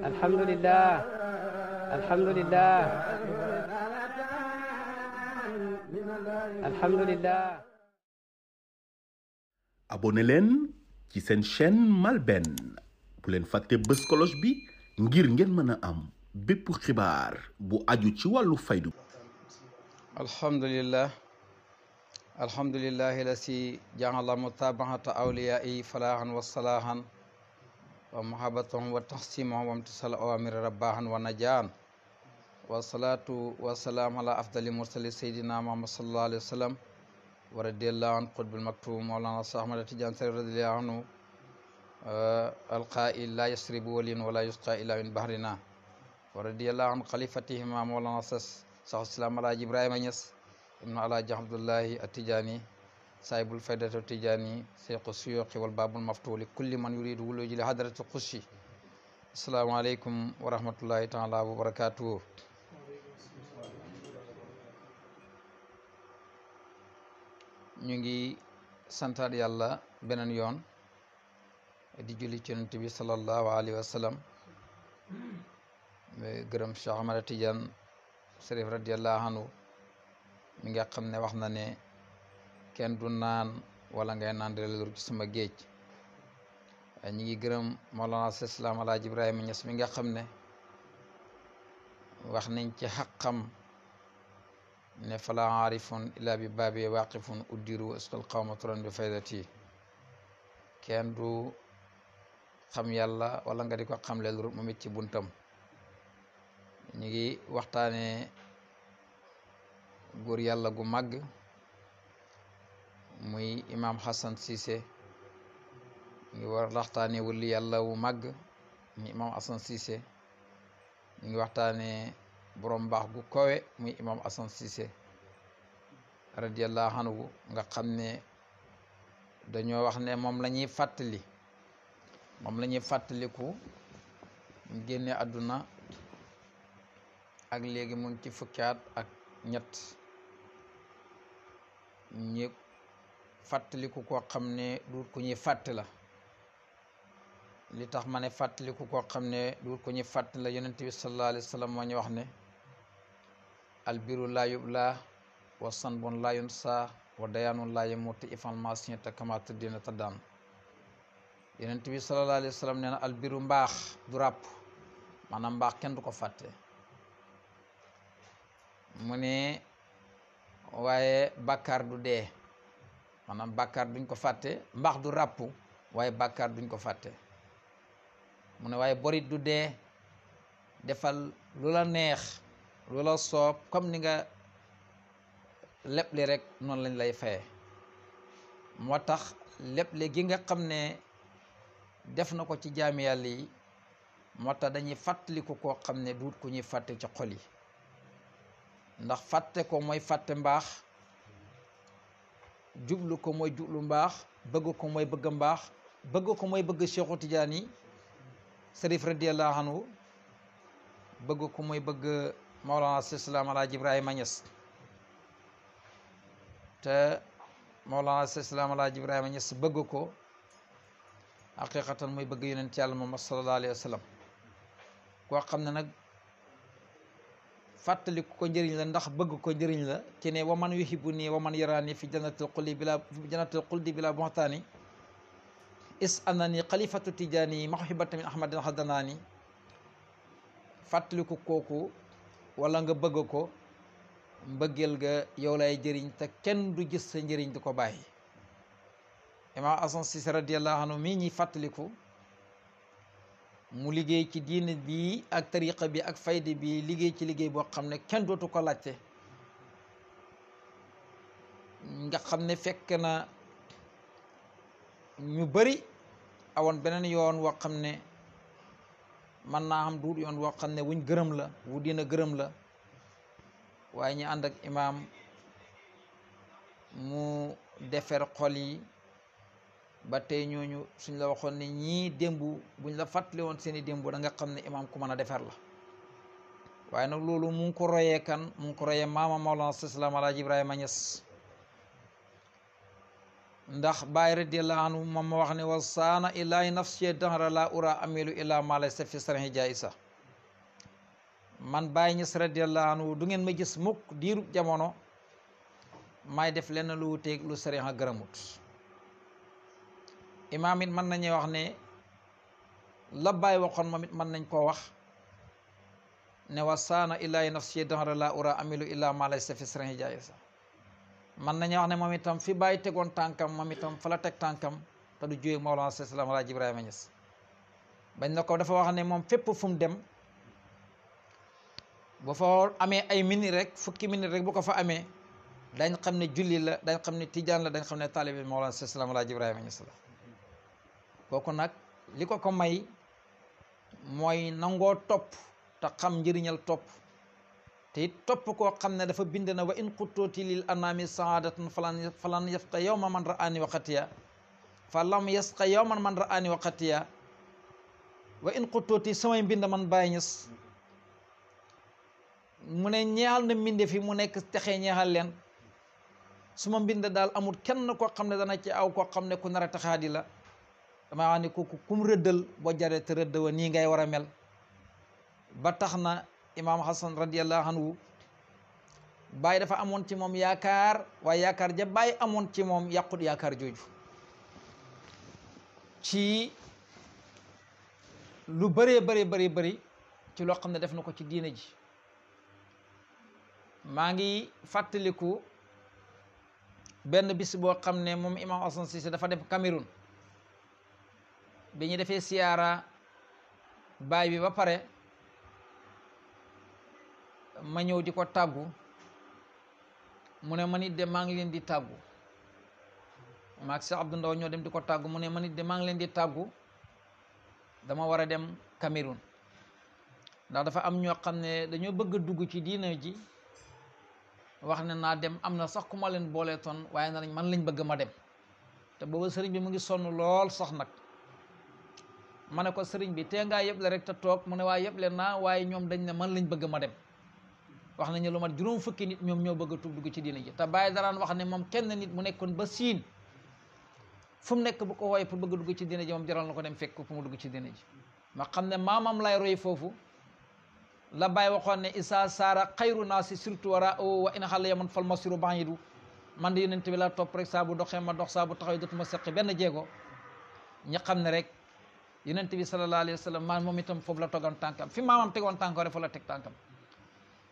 alhamdulilah alhamdulilah alhamdulilah abonné leen ci seen chen MALBN bu leen fàtte bës cloche bi ngir ngeen mën a am bépp xibaar bu aju ci wàllu faydu alhamdulilah alhamdulillahi lasi jaala mutabaata awliyai falahan wa salahan wa mahabatahum wa tahsimahum wa amtisal awamir rabbahan wa najaan wa salatu wa salaam ala afdali mursali sayyidina muhammad sallallahu alayhi wa sallam wa radiyallahu an qutbil maktum mawlana sa ahmad tijaan sari radiyallahu anhu eh, alqaa'il la yasribu walin wala yusqa illa min bahrina wa radiyallahu an khalifatihima mawlana sa sax islam alaaji ibrahima ñas ibnu alaaji abdullahi attijaani saahibul faydatu tijaani seyqu suyuqi wal baabul maftuuli kulli man yuridu wuluji li hadrati xushi asalaamaaleykum wa rahmatullahi taala wa barakaatuhu ñu ngi santaat yàlla beneen yoon di julli ci yonent bi alayhi wa sallam gërëm Cheikh Ahmada Tidiane Chérif mi nga xam ne wax na ne kenn du naan wala nga naan di la ci sama géej ñi ngi gërëm Mawlana Seex Islaam Alaaji Ibrahima Ñas mi nga xam ne wax nañ ci xaqam ne fala aarifun illa bi baabi waaqifun uddiru asqal qawma turan bi faydati kenn du xam yàlla wala nga di ko xam leen moom it ci buntam ñi waxtaane góor yàlla gu màgg muy imaam Hassan Cissé ngi waxtaane wëli yàlla wu màgg muy imaam Hassan Cissé ñu ngi waxtaane borom baax gu nga xam ne dañoo wax ne moom la ñuy fàttali moom la ñuy fàttaliku mu génne àdduna ak léegi mu ci fukki ak ñett ñi fàttaliku koo xam ne duut ku ñuy fàtte la li tax ma ne fàttaliku koo xam ne duut ku ñuy fàtte la yonent bi sallallahu alayhi wa sallam moo ñu wax ne albiru laa yubla wa sanbun laa yunsa wa dayaanun laa yamutu information te kamaata dina ta daan yonent bi sallallahu alayhi wa sallam nee na albiru mbaax du ràpp maanaam mbaax kenn du ko fàtte mu ne waaye bàkkaar du dee maanaam bàkkaar duñ ko fàtte mbax du ràpp waaye bàkkaar duñ ko fàtte mu ne waaye borit du dee defal lu la neex lu la soob comme ni nga lépp li rek noonu lañ lay faye moo tax lépp li gi nga xam ne def na ko ci jaami yàlla yi moo tax dañuy fàttaliku koo xam ne duut ku ñuy fàtte ci xol yi ndax fàtte ko mooy fàtte mbaax jublu ko mooy jublu mbaax bëgg ko mooy bëgg mbaax bëgg ko mooy bëgg Cheikhu Tijaani Sarif radiyallahu anhu bëgg ko mooy bëgg Mawlana Seex Salaam Alaaji Ibrahima Ñas te Mawlana Seex Salaam Alaaji Ibrahima bëgg ko haqiqatan mooy bëgg yonent Yàlla moom sallallahu alayhi wa sallam xam ne fàttaliku ko njëriñ la ndax bëgg ko njëriñ la ci ne waman yuhibu nii waman yaraani fi jannatil xuldi bila jannatil xuldi bila boxtaani is anani xalifatu tijaani mahibatan min ahmadin fàttaliku kooku walla nga bëgg ko mbëggeel ga yow lay jëriñ te kenn du gis sa njëriñ di ko bàyyi imam asan sise radiallahu anhu ñuy fàttaliku mu liggéey ci diine bi ak tariqa bi ak fayda bi liggéey ci liggéey boo xam ne kenn dootu ko laajte nga xam ne fekk na ñu bari awoon beneen yoon woo xam ne mën naa am duut yoon woo xam ne wuñ gërëm la wu diina gërëm la waaye ñu ànd ak imaam mu defar xol yi ba tey ñooñu suñ la waxoon ne ñii démb buñ la fàttali woon seen i démb da nga xam ne imaam ku mën a defar la waaye nag loolu mu ngi ko royee kan mu ngi ko royee maama Mawlana Sislam Alaaji Ibrahima Ñas ndax Baay radiyallahu anhu wax ne wa saana ilaahi nafsi dahra la ura amilu ma laysa fi sarhi jaisa man Baay Ñas du ngeen ma gis mukk diirub jamono may def lenn lu wuteeg lu sariha gërëmut imaam it mën nañu wax ne la baay waxoon moom mën nañ koo wax ne wa saana ilaahi nafsi dahra la ura amilu illa ma laysa fi srin jaayisa mën nañ wax ne moom itam fi bàyyi tegoon tànkam moom itam fa la teg tànkam te du jóge Mawlana Seex Salaam Alaaji Ibrahima Ñas bañ na ko dafa wax ne moom fépp fu mu dem bu fa amee ay minit rek fukki minit rek bu ko fa amee dañ xam ne julli la dañ xam ne tijaan la dañ xam ne taalibi Mawlana Seex Salaam Alaaji Ibrahima Ñas kooku nag li ko ko may mooy nangoo topp te xam njëriñal topp te it topp koo xam ne dafa bind na wa in qutooti lil anaami saadatan falan falan yasqa yawma man ra'aani waqatiya fa lam yasqa yawman man ra'aani waqatiya wa in qutooti samay mbind man bàyyi ñes mu ne ñeexal na mbinde fi mu nekk texe ñeexal leen su ma mbind daal amul kenn koo xam ne dana ci aw koo xam ne ku nar a taxaadi la dama wax ni ku kum rëddal boo jaree te rëdd wa nii ngay war a mel ba tax na imaam Hassan radiyallahu anhu bàyyi dafa amoon ci moom yaakaar waaye yaakaar ja bàyyi amoon ci moom yàqut yaakaar jooju ci lu bëree bëri bëri bëri ci loo xam ne def na ko ci diine ji maa ngi fàttaliku benn bis boo xam ne moom imaam Hassan Cissé dafa dem Cameroun bi ñu defee siyaara baay bi ba pare ma ñëw di ko tàggu mu ne ma nit de maa ngi leen di tàggu maag si Abdou Ndaw ñoo dem di ko tàggu mu ne man it de maa ngi leen di tàggu dama war a dem Cameroun ndax dafa am ñoo xam ne dañoo bëgg dugg ci diina ji wax ne naa dem am na sax ku ma leen boolee toon waaye na man lañ bëgg ma dem te booba sëriñ bi mu ngi sonn lool sax nag ma ne ko seriñ bi tee ngaa yëpp rek te toog mu ne waaye yëpp leen naa waaye ñoom dañ ne man lañ bëgg ma dem wax nañu lu mat juróom fukki nit ñoom ñoo bëgg tub dugg ci diina ji te bàyyi daraan wax ne moom kenn nit mu nekkoon ba siin fu mu nekk bu ko wooye pour bëgg dugg ci diina ji jaral na ko dem fekk pour mu dugg ci diina ma xam ne maam maamam lay roy foofu la bàyyi waxoon ne isa saara xayru si surtout wara o wa in xalla yaman fal ngi du man de yonent bi laa topp rek saabu doxee ma dox saabu bu taxaw dootuma seqi benn jéego ña xam ne rek yonent bi sallallahu alayhi wa sallam maa moom itam foofu la togoon tànkam fi maamam tegoon tànkam rek fa la teg tànkam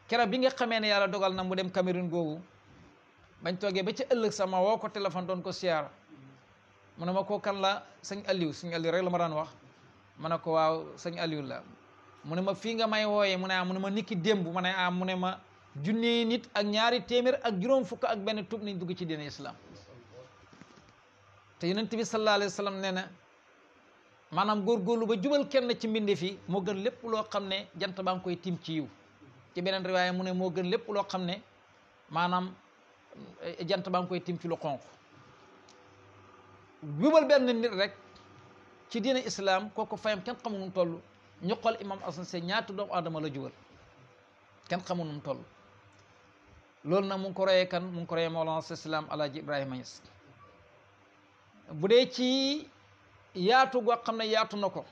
kera bi nga xamee ne yàlla dogal na mu dem Cameroun googu bañ toogee ba ci ëllëg sama woo ko téléphone doon ko siyaara mu ne ma ko kan la sëñ Aliou sëñ Aliou rek la ma daan wax ma ne ko waaw sëñ Aliou la mu ne ma fii nga may wooyee mu ne ah ne ma nikki démb ma ne ah mu ne ma junni nit ak ñaari téeméer ak juróom fukk ak benn tub nañ dugg ci diine islam maanaam góorgóorlu ba jubal kenn ci mbindeef fi moo gën lépp loo xam ne jant baa yi koy tiim ci yiw ci beneen riwaaya mu ne moo gën lépp loo xam ne maanaam eh, jant baa yi tiim ci lu xonq jubal benn nit rek ci diine islam kooku fayam kenn xamu nu toll ñu xool imam Assane se ñaata doomu adama la jubal kenn xamu nu toll loolu na mu ngi ko royee kan mu ngi ko royee Mawlana Seck Islam Alaaji Ibrahima Niass bu dee ci yaatu goo xam ne yaatu na ko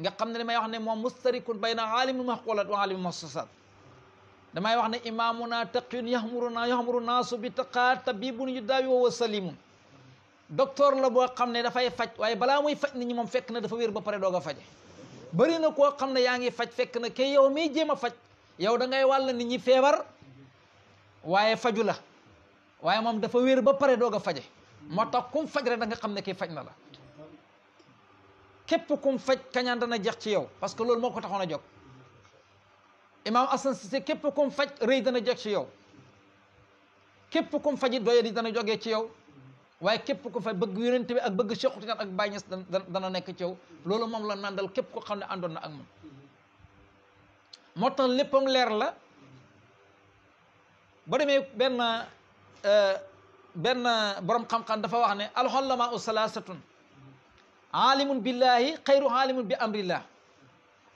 nga xam ne damay wax ne moom mustarikun bayna aalimu maxqulat wa aalimu maxsusat damay wax ne imaamuna taqiyun yahmuruna yahmuru naasu bi taqaa tabibun yu daawi wa salimun docteur la boo xam ne dafay faj waaye balaa muy faj ni ñi moom fekk na dafa wér ba pare doog a faje na koo xam ne yaa ngi faj fekk na ke yow miy jéem a faj yow da ngay wàll nit ñi feebar waaye faju la waaye moom dafa wér ba pare doog a faje moo tax kum faj rek da nga xam ne kii faj na la képp kum faj kañaan dana jeex ci yow parce que loolu moo ko taxoon a jóg imaam Assane képp kum faj rëy dana jeex ci yow képp kum faj it doyadi dana joge ci yow waaye képp ku faj bëgg yonent bi ak bëgg Cheikh Tidiane ak Baye Niass dana nekk ci yow loolu moom la nandal képp ko xam ne àndoon na ak moom moo tax léppam leer la ba demee benn euh, benn borom xam-xam dafa wax ne alxollamaa u salaasatun aalimun billahi xayru aalimun bi amrillah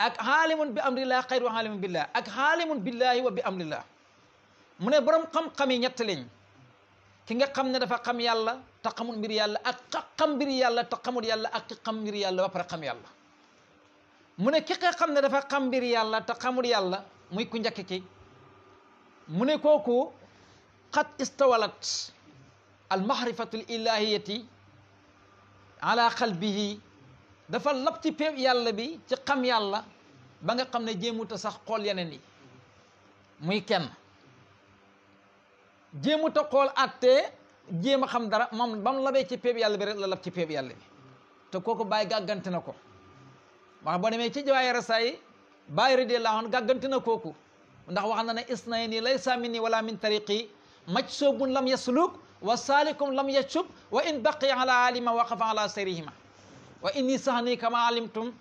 ak aalimun bi amrillah xayru aalimun billah ak aalimun billahi wa bi amrillah mu ne borom xam-xam yi ñett lañ ki nga xam ne dafa xam yàlla te xamul mbir yàlla ak xam mbir yàlla te xamul yàlla ak xam mbir yàlla ba pare xam yàlla mu ne ki nga xam ne dafa xam mbir yàlla te xamul yàlla muy ku njëkk ki mu ne kooku xat istawalat al mahrifatu l ilahiyati ala qalbihi dafa lab ci péeb yàlla bi ci xam yàlla ba nga xam ne jéemuta sax xool yeneen yi muy kenn jéemuta xool attee jéem a xam dara moom ba mu labee ci peeb yàlla bi rek la lab ci peeb yàlla bi te kooku bàyyi gàggante na ko wax boo demee ci jawaay rasaa yi bàyyi radiyallahu anhu gàggante na kooku ndax wax na ne isnayni laysa minni walla min tariqi mac soobun lam yasluk wa saalikum lam yacub wa in baqi ala alima waqafa ala sayrihima wa inni sahni kama alimtum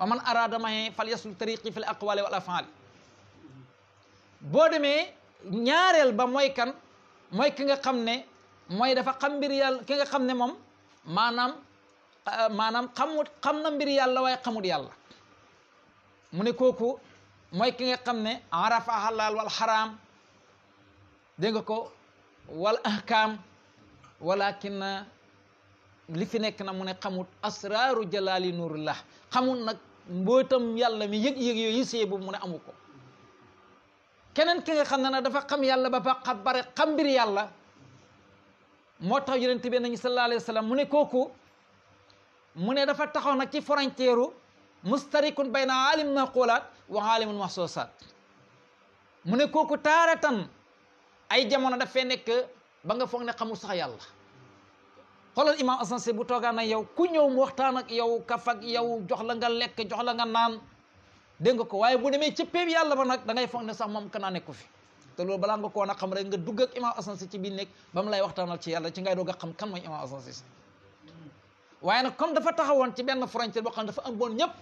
wa man arada mahe fal yasul tariqi fil aqwali wal afaali boo demee ñaareel ba mooy kan mooy ki nga xam ne mooy dafa xam mbir yàlla ki nga xam ne moom maanaam euh, maanaam xamut xam na mbir yàlla waaye xamut yàlla mu ne kooku mooy ki nga xam ne arafa halal wal xaraam dégg nga ko wal ahkaam walakin li fi nekk na mu ne xamut asraaru jalaali nuurillah xamut nag mbootam yàlla mi yëg-yëg yooyu see boobu mu ne amu ko keneen ki nga xam ne dafa xam yàlla ba ba xam bare xam mbir yàlla moo tax yonent bi nañu sallallahu alayhi wa mu ne kooku mu ne dafa taxaw nag ci frontière mustarikun bayna alim maqulaat wa alimun mahsusaat mu ne kooku taaratan ay jamono daf fee nekk ba nga foog ne xamul sax yàlla xoolal imam asansé bu toogaan na yow ku ñëw mu waxtaan ak yow kaf yow jox la nga lekk jox la nga naan de nga ko waaye bu demee ca péeb yàlla ba nag da ngay foog ne sax moom kanaa nekku fi te loolu balaa nga koo na xam rek nga dugg ak imam asansé ci biir nekk ba mu lay waxtaanal ci yàlla ci ngay doog a xam kam mooy imam asansé si waaye nag comme dafa taxawoon ci benn frontière boo xam ne dafa ëmboon ñëpp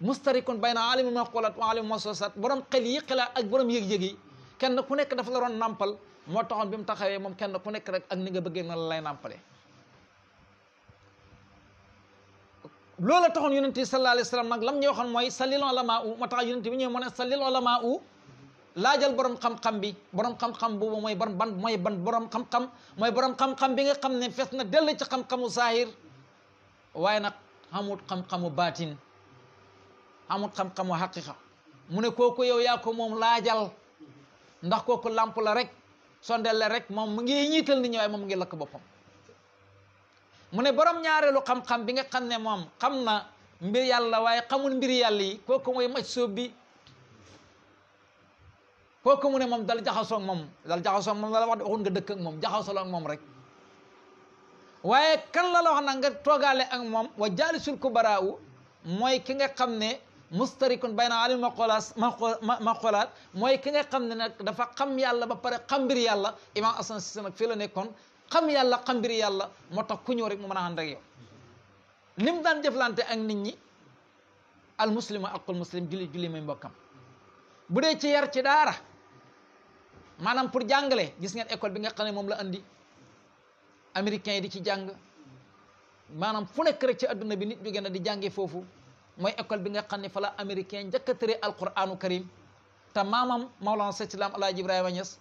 mustarikun bayna alimi maqolat wa alimi masosat borom xel yi xalaat ak borom yëg-yëg kenn ku nekk dafa la doon nampal moo taxoon bi mu taxawee moom kenn ku nekk rek ak ni nga bëggee noonu lay nàmpale loola taxoon yonent bi sallallahu alayhi wa sallam nag lam ñu waxoon mooy salil ulama u moo tax yonent bi ñëw mu ne salil ulama u laajal borom xam-xam bi borom xam-xam boobu mooy ban mooy ban borom xam-xam mooy borom xam bi nga xam ne fes na dell ci xam-xamu zahir waaye nag xamut xam-xamu baatin xamut xam-xamu xaqiqa mu ne kooku yaa ko moom laajal ndax kooku làmp la rek sondeel la rek moom mu ngi ñiital nit ñi waaye moom mu ngi lakk boppam mu ne borom ñaareelu xam-xam bi nga xam ne moom xam na mbir yàlla waaye xamul mbir yàlla yi kooku mooy maj sóob bi kooku mu ne moom dal jaxasoo moom dal jaxasoo ak moom la wax de waxun nga dëkk ak moom jaxasoo ak moom rek waaye kan la wax na nga toogaale ak moom wa jaalisul kubaraawu mooy ki nga xam ne mustarikun bayna alim maqoolaas maqoolaat mooy ki nga xam ne nag dafa xam yàlla ba pare xam mbir yàlla imam Assane Cissé nag fii la nekkoon xam yàlla xam mbir yàlla moo tax ku ñëw rek mu mën a ànd ak yow ni mu daan jëflante ak nit ñi al muslimu aqul muslim julli julli muy mbokkam bu dee ci yar ci daara maanaam pour jàngale gis ngeen école bi nga xam ne moom la andi américains yi di ci jàng maanaam fu nekk rek ci adduna bi nit jóge na di jàngee foofu mooy école bi nga xam ne fa la américain njëkk a tëree alquranu karim te maamam Mawlana Seydil Islam Alaaji Ibrahima Niass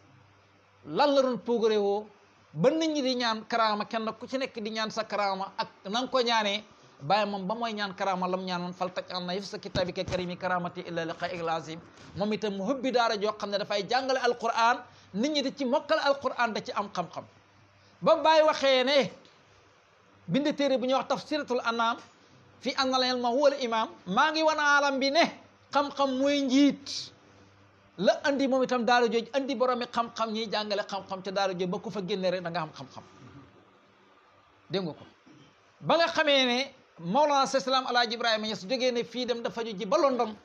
lan la doon puugaree woo ba nit di ñaan karaama kenn ku ci nekk di ñaan sa karaama ak na nga ko ñaanee bàyyi ba mooy ñaan karaama lam ñaanoon fal taj an na yëf sa kitaabi ka karimi karamati illa liqa il moom itam mu hubbi daara joo xam ne dafay jàngale alquran nit ñi di ci mokkal alquran da ci am xam-xam ba bàyyi waxee ne bind téere bu ñuy wax tafsiratul anam fi anna al ilma huwa al maa ngi wan alam bi ne xam mooy njiit la andi moom itam daara jooju andi boromi xam-xam ñiy jàngale xam-xam ca daara jooju ba ku fa génne rek da nga xam dégg nga ba nga xamee ne Mawlana Seex Salaam Alaaji Ibrahima Ñas jógee ne fii dam dafa ju ji ba London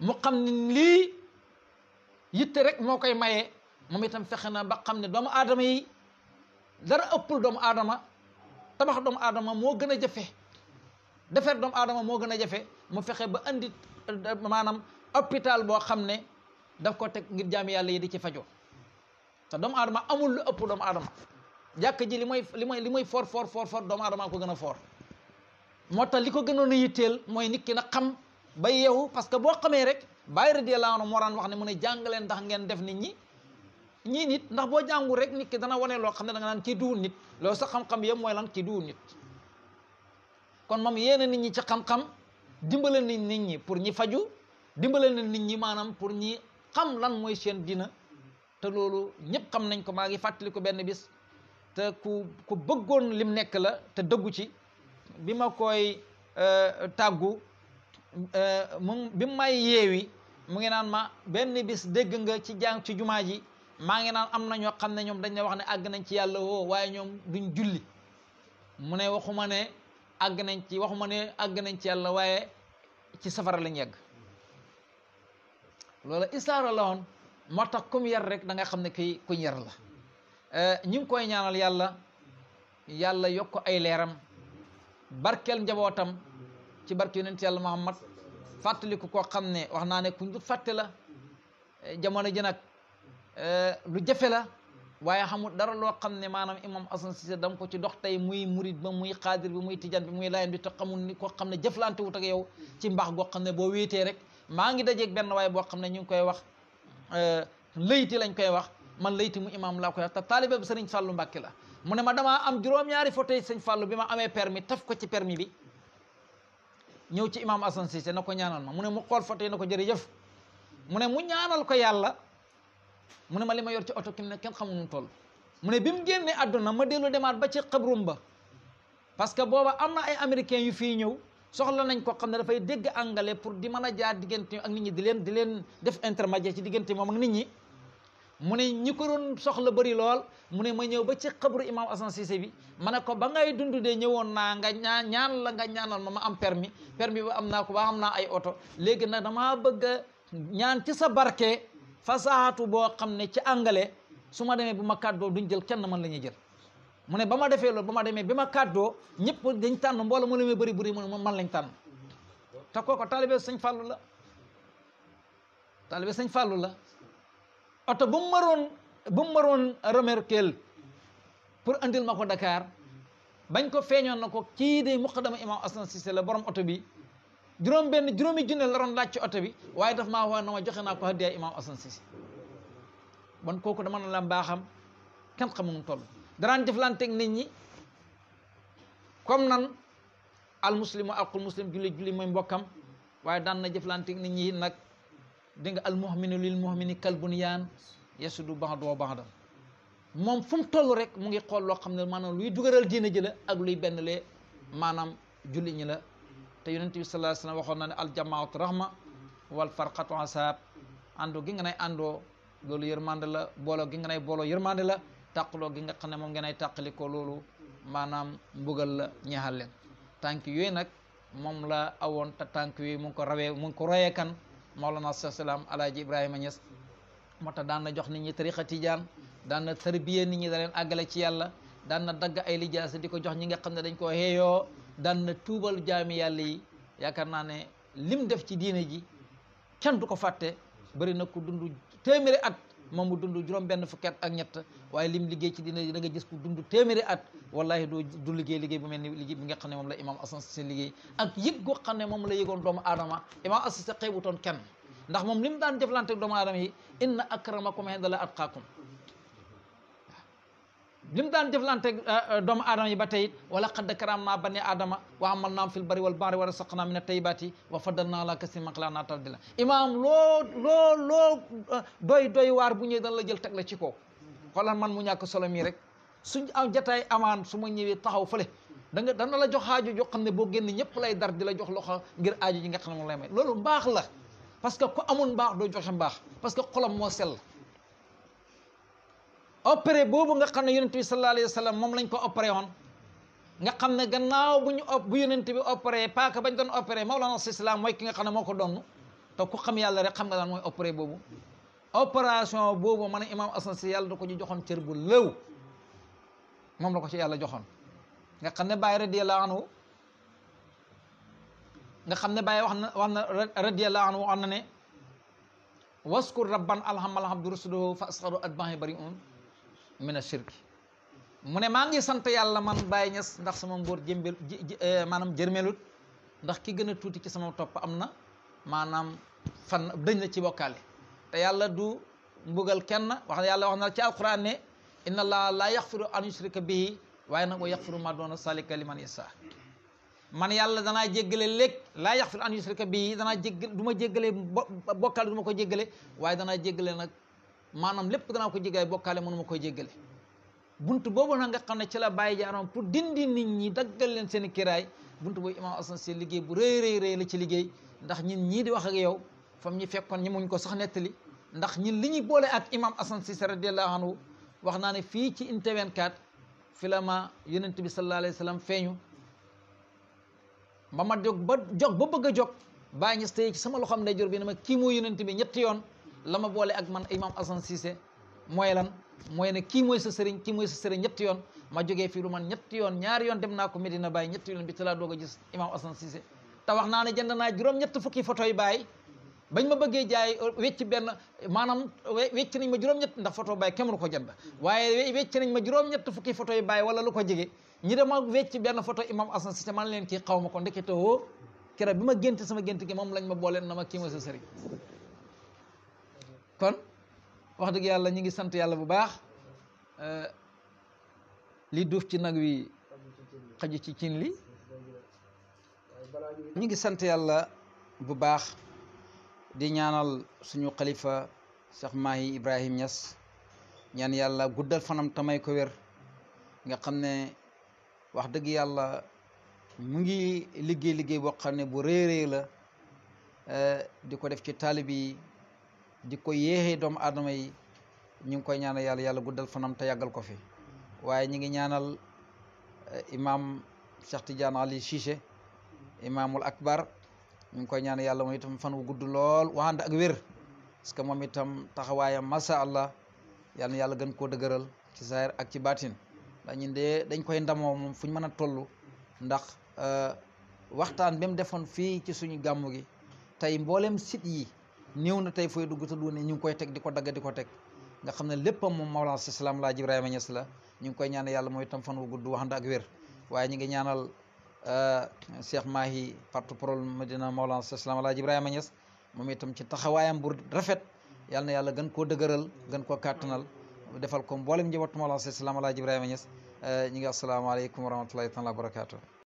mu xam ne lii yitte rek moo koy maye moom itam fexe na ba xam ne doomu aadama yi dara ëppul doomu aadama tabax doomu aadama moo gën a jafe defer doomu aadama moo gën a jafe mu fexe ba andi maanaam hôpital boo xam ne daf ko teg ngir jaami yàlla yi di ci fajoo te doomu adama amul lu ëpp doomu aadama jàkk ji li mooy li mooy li mooy for for for for doomu aadama ko gën a for moo tax li ko gënoon a yitteel mooy nit ki na xam ba yeewu parce que boo xamee rek bàyyi radiyallahu anhu moo daan wax ne mu ne jàng leen ndax ngeen def nit ñi ñii nit ndax boo jàngul rek nit ki dana wane loo xam ne da nga naan kii nit loolu sax xam-xam mooy lan kii duwul nit kon moom yéena nit ñi ci xam-xam dimbale nit ñi pour ñi faju dimbale na nit ñi maanaam pour ñi xam lan mooy seen dina te loolu ñëpp xam nañ ko maa ngi fàttali ko benn bis te ku ku bëggoon lim nekk la te dëggu ci bi ma koy e, tàggu e, mu bi may yeewi mu ngi naan ma benn bis dégg nga ci jàng ci jumaa ji maa ngi naan am na ñoo xam ne ñoom dañ ne wax ne àgg nañ ci yàlla woo waaye ñoom duñ julli mu ne waxuma ne àgg nañ ci waxuma ne àgg nañ ci yàlla waaye ci safara lañ yegg loola isaara la woon moo tax kum yar rek da nga xam ne kii kuñ yar la eh, ñu ngi koy ñaanal yàlla yàlla yokk ay leeram barkeel njabootam ci barke yonent yàlla Muhammad fàttaliku koo xam ne wax naa ne kuñ du fàtte la eh, jamono ji nag eh, lu jafe la waaye xamul dara loo xam ne maanaam imam Assane Cissé da nga ko ci dox tey muy murid ba muy xaadir bi muy tijaan bi muy layen bi te xamul ni koo xam ne jëflante wut ak yow ci mbaax goo xam ne boo wéetee rek maa ngi dajeeg benn waaye boo xam ne ñu ngi koy wax euh, layti lañ koy wax man layti mu imam laa koy wax te taalibe bi sëriñ Fàllu Mbàkke la mu ne ma dama am juróom-ñaari photo yi sëñ Fàllu bi ma amee permis taf ko ci permis bi ñëw ci imam Assane Cissé na ko ñaanal ma mu ne mu xool photo na ko jërëjëf mu ne mu ne ma li ma yor ci oto ki ne kenn xamu nu toll mu ne génnee àdduna ma dellu demaat ba ci xabrum ba parce que booba am na ay américains yu fii ñëw soxla nañ ko xam ne dafay dëgg anglais pour di mën a jaar diggante ak nit ñi di leen di leen def intermédiaire ci diggante moom ak nit ñi mu ne ñi ko doon soxla bëri lool mu ne ma ñëw ba ci xabru imam Assane Cissé bi ma ne ko ba ngay dund de ñëwoon naa nga ñaan ñaan la nga ñaanal ma ma am permis permis bi am ko ba am naa ay oto fa saatu boo xam ne ci anglais su ma demee bu ma kàddoo duñ jël kenn man la ñuy jël mu ne ba ma defee loolu ba ma demee bi ma kàddoo ñëpp dañ tànn mbooloo mu la may bëri bëri mu ma lañ tànn te kooko taalibe sañ fàllu la taalibe sañ fàllu la oto bu mu maroon bu mu maroon pour andil ma ko Dakar bañ ko feeñoon na ko kii de muqaddama imam Assane Cissé la borom oto bi juróom benn juróomi junne la doon laaj ci oto bi waaye daf maa wax na ma joxe naa ko hadiya imam Assane Cissé bon kooku dama na la mbaaxam kenn xamumu toll daraan jëflanteeg nit ñi comme nan al muslimu aqul muslim julli julli mbokkam waaye daan na jëflanteeg nit ñi nag di nga al muhminu lil muhmini kal bunyaan yasudu ba'du wa ba'dan moom fu mu toll rek mu ngi xool loo xam ne maanaam luy dugaral diina a la ak luy benn lee maanaam julli ñi la te yonent bi sallallahu alayhi waxoon na ne aljamaatu rahma wal farqatu asab àndoo gi nga nay àndoo loolu yërmande la booloo gi nga nay booloo yërmande la tàqaloo gi nga xam ne moom nga nay ko loolu maanaam mbugal la ñaxal leen tànk yooyu nag moom la awoon ta tànk yooyu mu ngi ko rawee mu ngi ko royee kan Mawlana Cheikh salaam Alaaji Ibrahima Niass moo tax daan na jox nit ñi tariqa tiijaan daan na tarbiye nit ñi da leen àggale ci yàlla daan na dagg ay lijaasa di ko jox ñi nga xam ne dañ koo xeeyoo daan na tuubal jaami yàlla yi yaakaar naa ne lim def ci diine ji kenn du ko fàtte bëri na ku dund téeméeri at moom mu dund juróom benn fukki at ak ñett waaye lim liggéey ci diine ji da jis gis ku dund téeméeri at wallahi doo du liggéey liggéey bu mel ni liggéey bi nga xam ne moom la imam Assane Cissé liggéey ak yëg goo xam ne moom la yëgoon doomu aadama imam Assane Cissé xeebutoon kenn ndax moom li mu daan jëflante doomu aadama yi inna akramakum inda la atqaakum li mu daan jëflanteeg euh, euh, doomu aadama yi ba tey it wala xadd karam naa bani aadama wa amal naam fil bari wal bahri wa rasaqnaa min at-tayyibaati wa faddalnaa alaa kasiirin mimman xalaqnaa tafdiilaa imaam loo loo loo euh, doy doy waar bu ñëwee dana la jël teg la ci kaw xoolal man mu ñàkk solo mii rek suñ am jataay amaan su ma ñëwee taxaw fële da nga dana la jox aajo joo xam ne boo génn ñëpp lay dar di la jox loxo ngir aajo ji nga xam ne moom lay may loolu baax la parce que ku amul mbaax doo joxe mbaax que xolam moo sell opéré boobu nga xam ne yonent bi sallallahu moom lañ ko opéré woon nga xam ne gannaaw bu ñu op bu yonent bi opéré paaka bañ doon opéré Mawlana Sislaam mooy ki nga xam ne moo ko doon to ku xam yàlla rek xam nga daan mooy opéré boobu opération boobu man imaam Asan Si yàlla da ko ñu joxoon cër bu lëw moom la ko ci yàlla joxoon nga xam ne Baye radiyallahu anhu nga xam ne Baye wax na wax na radiyallahu anhu wax na ne waskur rabban alham alhamdu rusudahu fa asxaru mina shirki mu ne maa ngi sant yàlla man Baye Niass ndax sama mbóor jëmbel eh, maanaam jërmelut ndax ki gën a tuuti ci sama topp am na maanaam fan dëñ na ci bokkaale te yàlla du mbugal kenn wax yàlla wax na ci alquran ne inna allaha la yaxfiru an yushrika bihi waaye nag wa yaxfiru ma doona salika liman yasa man yàlla danaa jéggale léeg laa yaxfiru an yushrika bihi danaa jéggal du ma jéggale bokkaale du ma ko jéggale waaye dana jéggale nag maanaam lépp gannaaw ko jéggaay bokkaale mënu ma koy jéggale bunt boobu nag nga xam ne ci la bàyyi jaaroon pour dindi nit ñi daggal leen seen kiraay bunt boobu imaam Asan liggéey bu rëy rëy rëy la ci liggéey ndax ñin ñii di wax ak yow fam ñi fekkoon ñi muñ ko sax nettali ndax ñin li ñuy boole ak imaam Asan Si radiyallahu anhu wax naa ne fii ci Unité 24 fi la ma bi sallallahu alayhi wa feeñu ba ma jóg ba jóg ba bëgg a jóg bàyyi ñu tey ci sama loxoom ndeyjoor bi ne ma kii moo yonent bi ñetti yoon la ma boole ak man imam Assane Cissé mooy lan mooy ne kii mooy sa sëriñ kii mooy sa sëriñ ñetti yoon ma jógee fii lu man ñetti yoon ñaari yoon dem naa ko Medina Baye ñetti yoon bi ci laa doog a gis imam Assane Cissé te wax naa ne jënd naa juróom ñett fukki photo yi Baye ma bëggee jaay wecc benn maanaam wecc nañ ma juróom-ñett ndax photo Baye kenn mënu ko jënd waaye wecc nañ ma juróom-ñett fukki photo yi Baye wala lu ko jege ñi dama wecc benn photo imam Assane Cissé man leen kii xaw ma ko ndekete woo keroog bi ma gént sama gént gi moom lañ ma booleen na ma kii kon wax dëgg yàlla ñu ngi sant yàlla bu baax eh, li duuf ci nag wi xaju ci cin li ñu ngi sant yàlla bu baax di ñaanal suñu xalifa Cheikh Mahi Ibrahim Niass ñaan yàlla guddal fanam tamay ko wér nga xam ne wax dëgg yàlla mu ngi liggéey liggéey boo xam ne bu réeréer la eh, di ko def ci taalib yi di ko yéexee doomu aadama yi ñu ngi koy ñaanal yàlla yàlla guddal fanam te yàggal ko fi waaye ñu ngi ñaanal eh, imaam Cheikh Tidiane Ali Cissé imaamul akbar ñu ngi koy ñaanal yàlla moom itam fan wu gudd lool waxand ak wér parce que moom itam taxawaayam masa allah yala na yàlla gën koo dëgëral ci saayir ak ci batin de dañ koy ndamoo moom fu ñu mën a toll ndax eh, waxtaan bi mu defoon fii ci suñu gàmmu gi tey mboolem sit yi néew na tey fooy dugg te du ne ñu ngi koy teg di ko dagg di ko teg nga xam ne lépp moom Mawlana si salaam laaj Ibrahima Niass la ñu ngi koy ñaan yàlla mooy itam fan wu gudd waxande ak waaye ñu ngi ñaanal euh, Cheikh Mahi porte-parole Medina Mawlana si salaam laaj Ibrahima Niass moom itam ci taxawaayam bu rafet yàlla yàlla gën koo dëgëral gën koo kàttanal defal ko mboolem njabootu Mawlana si salaam laaj Ibrahima Niass euh, ñu ngi asalaamaaleykum wa rahmatullahi taala wa barakaatu.